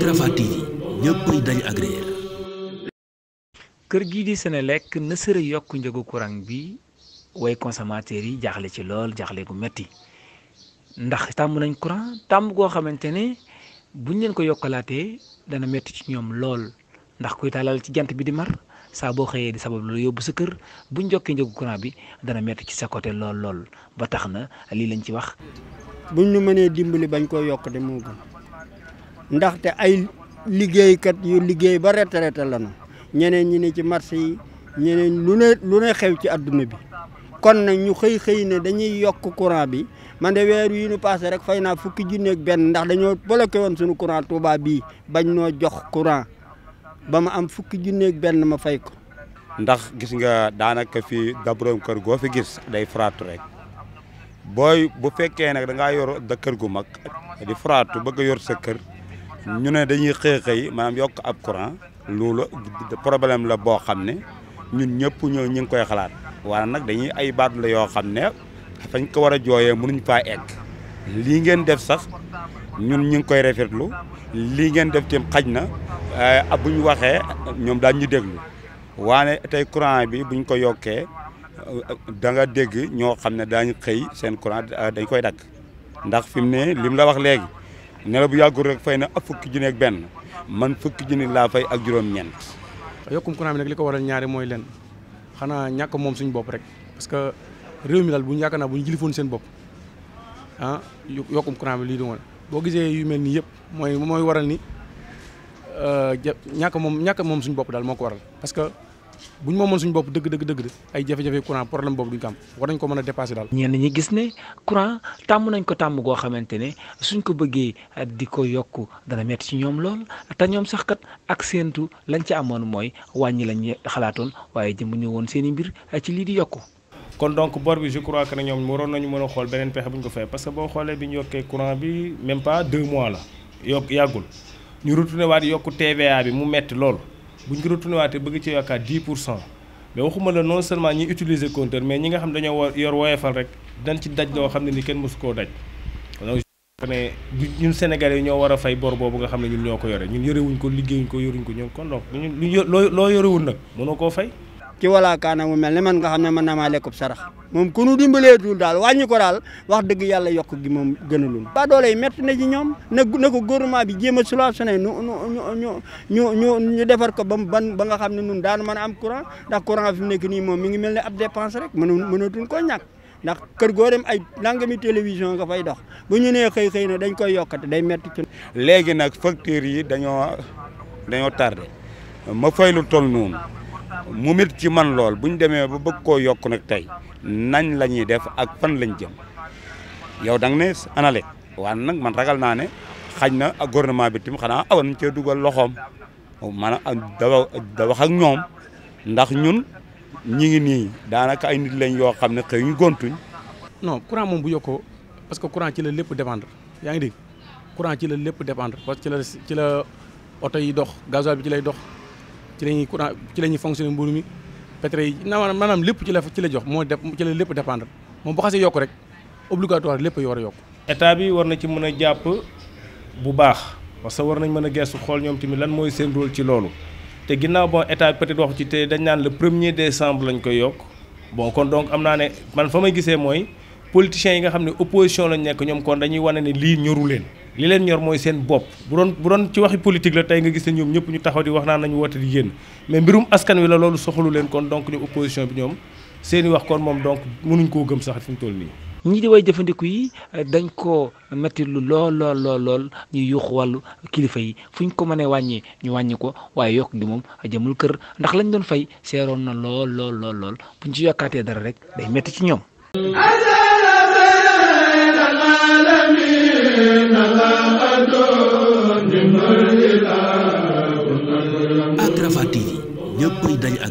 Rafah TV ñëppay dañ agréer kër gii di Senelec na sëre yokk njëgu courant bi way consommateurs yi jaaxle ci lool jaaxle gu metti ndax tàmm nañ courant tàmm goo xamante ne buñ leen ko yokkalaatee dana metti ci ñoom lool ndax kuy taalal ci jant bi di mar saa boo xëyee di sabab lu yóbbu sa kër buñ jokkee njëgu courant bi dana metti ci sa côté lool lool ba tax na lii lañ ci wax. buñ ñu mënee dimbali bañ koo yokk de moo gën. ndaxte ay liggéeykat yu liggéey ba retraité lañu ñeneen ñi ne ci marché yi ñeneen lu ne lu ne xew ci adduna bi kon na ñu xëy xëy ne dañuy yokk courant bi man de weer yi ñu rek fay naa fukki junneeg benn ndax dañoo bloqué woon suñu courant Touba bii bañ noo jox courant ba ma am fukki junneeg benn ma fay ko. ndax gis nga daanaka fi dabroom kër goo fi gis day fraatu rek booy bu fekkee nag da nga yor da kër gu mag di fraatu bëgg a yor sa ñu ne dañuy xëy xëy maanaam yokk ab courant loolu problème la boo xam ne ñun ñëpp ñoo ñu ngi koy xalaat waaye nag dañuy ay baat la yoo xam ne fañ ko war a jooyee mënuñ fa egg lii ngeen def sax ñun ñu ngi koy rafetlu lii ngeen def tam xaj na eh, bu ñu waxee ñoom daañ ñu déglu waane tey courant bi buñ ko yokkee danga nga dégg ñoo xam ne daañ xëy seen courant dañ koy dagg ndax fi mu ne lim la wax léegi nelaw bu yàggul rek fay na ak fukki junni ak benn man fukki junni laa fay ak juróom ñenn yokkum courant bi nag li ko waral ñaari mooy leen xanaa ñàkk moom suñu bopp rek parce que réew mi daal bu ñu yaakaar naa bu ñu jilifoon seen bopp ah yokkum courant bi lii du boo gisee yu mel nii yëpp mooy mooy waral ni euh, ja ñàkk moom ñàkk moom suñ bopp daal moo ko waral bu ñu moomoon suñu bopp dëgg dëgg dëgg ay jafe-jafe courant problème boobu duñ ko am war nañ ko mën a dépasser daal. ñenn ñi gis ne courant tàmm nañ ko tàmm goo xamante ne suñ ko bëggee di ko yokk dana metti ci ñoom lool te ñoom sax kat ak séentu lañ ci amoon mooy wàññi lañ xalaatoon waaye jëm ñu woon seen mbir ci lii di yokk kon donc bor bi je crois que ne ñoom waroon nañu mën a xool beneen pexe bu ñu ko fay parce que boo xoolee bi ñu yokkee courant bi même pas mois la yokk yàggul ñu retourné waat yokku TVA bi mu metti lool bu ñu ko retourné waatee bëgg ci yaakaar 10 pour cent mais waxuma la non seulement ñi utiliser compteur mais ñi nga xam dañoo war yor woyefal rek dañ ci daj loo xam ne ni kenn mosu koo daj donc ne ñun Sénégalais yi ñoo war a fay bor boobu nga xam ne ñun ñoo ko yore ñun yorewuñ ko liggéeyuñ ko yoruñ ko ñoom kon donc ñun lu loo yorewul nag mënoo koo fay ci walaakaana mu mel ne man nga xam ne mën na maa lekkub sarax moom ku nu dimbaleetul daal wàññi ko daal wax dëgg yàlla yokk gi moom gënalul ba doole yi métti na ci ñoom na na ko gouvernement bi jéem a solutionné nu nu ñu ñu ñu ñu defar ko ba ban ba nga xam ne nun daan mën a am courant ndax courant fi mu nekk nii moom mi ngi mel ne ab dépense rek mënu mënatuñ koo ñàkk ndax kër goo dem ay nangami télévision nga fay dox bu ñu nee xëy xëy na dañ koy yokkate day métti ci léegi nag factures yi dañoo dañoo tardé ma lu toll noonu mu mit ci man lool bu ñu demee ba bëgg koo yokk nag tey nañ la ñuy def ak fan lañ jëm yow da nga ne anale waan nag man ragal naa ne xañ na ak gouvernement bi tim xanaa awoon cee dugal loxoom maanaam dawa da wax ak ñoom ndax ñun ñi ngi nii daanaka ay nit lañ yoo xam ne xëy ñu gontuñ. non courant moom bu yokkoo parce que courant ci la lépp dépendre yaa ngi dégg courant ci la lépp dépendre parce que ci la ci la oto yi dox gasoil bi ci lay dox. ci la ñuy courant ci la ñuy fonctionné mburu mi pétrole yi na maanaam lépp ci la ci la jox moo def ci la lépp dépendre moom bu xasee yokk rek obligatoire lépp a war a yokk. état bi war na ci mën a jàpp bu baax parce que war nañ mën a gestu xool ñoom tamit lan mooy seen rôle ci loolu te ginnaaw bon état bi peut-être wax ci te dañ naan le premier décembre lañ koy yokk bo kon donc am naa ne man fa may gisee mooy politiciens yi nga xam ne opposition lañ nekk ñoom kon dañuy wane ne lii ñoru leen. li leen ñor mooy seen bopp bu doon bu doon ci waxi politique la tey nga gis ne ñoom ñëpp ñu taxaw di wax naan nañu woote di génn mais mbirum askan wi la loolu soxalu leen kon donc ñu opposition bi ñoom seeni wax kon moom donc mënuñ koo gëm sax fi mu toll nii. ñii di way jëfandiku yi dañ koo metti lu lool lool ñuy yuux wàllu kilifa yi fu ñu ko mënee wàññee ñu wàññi ko waaye yokk di moom jëmul kër ndax lañu doon fay seeroon na lool lool lool lool ñu ci yokkaatee dara rek day metti ci ñoom. dañ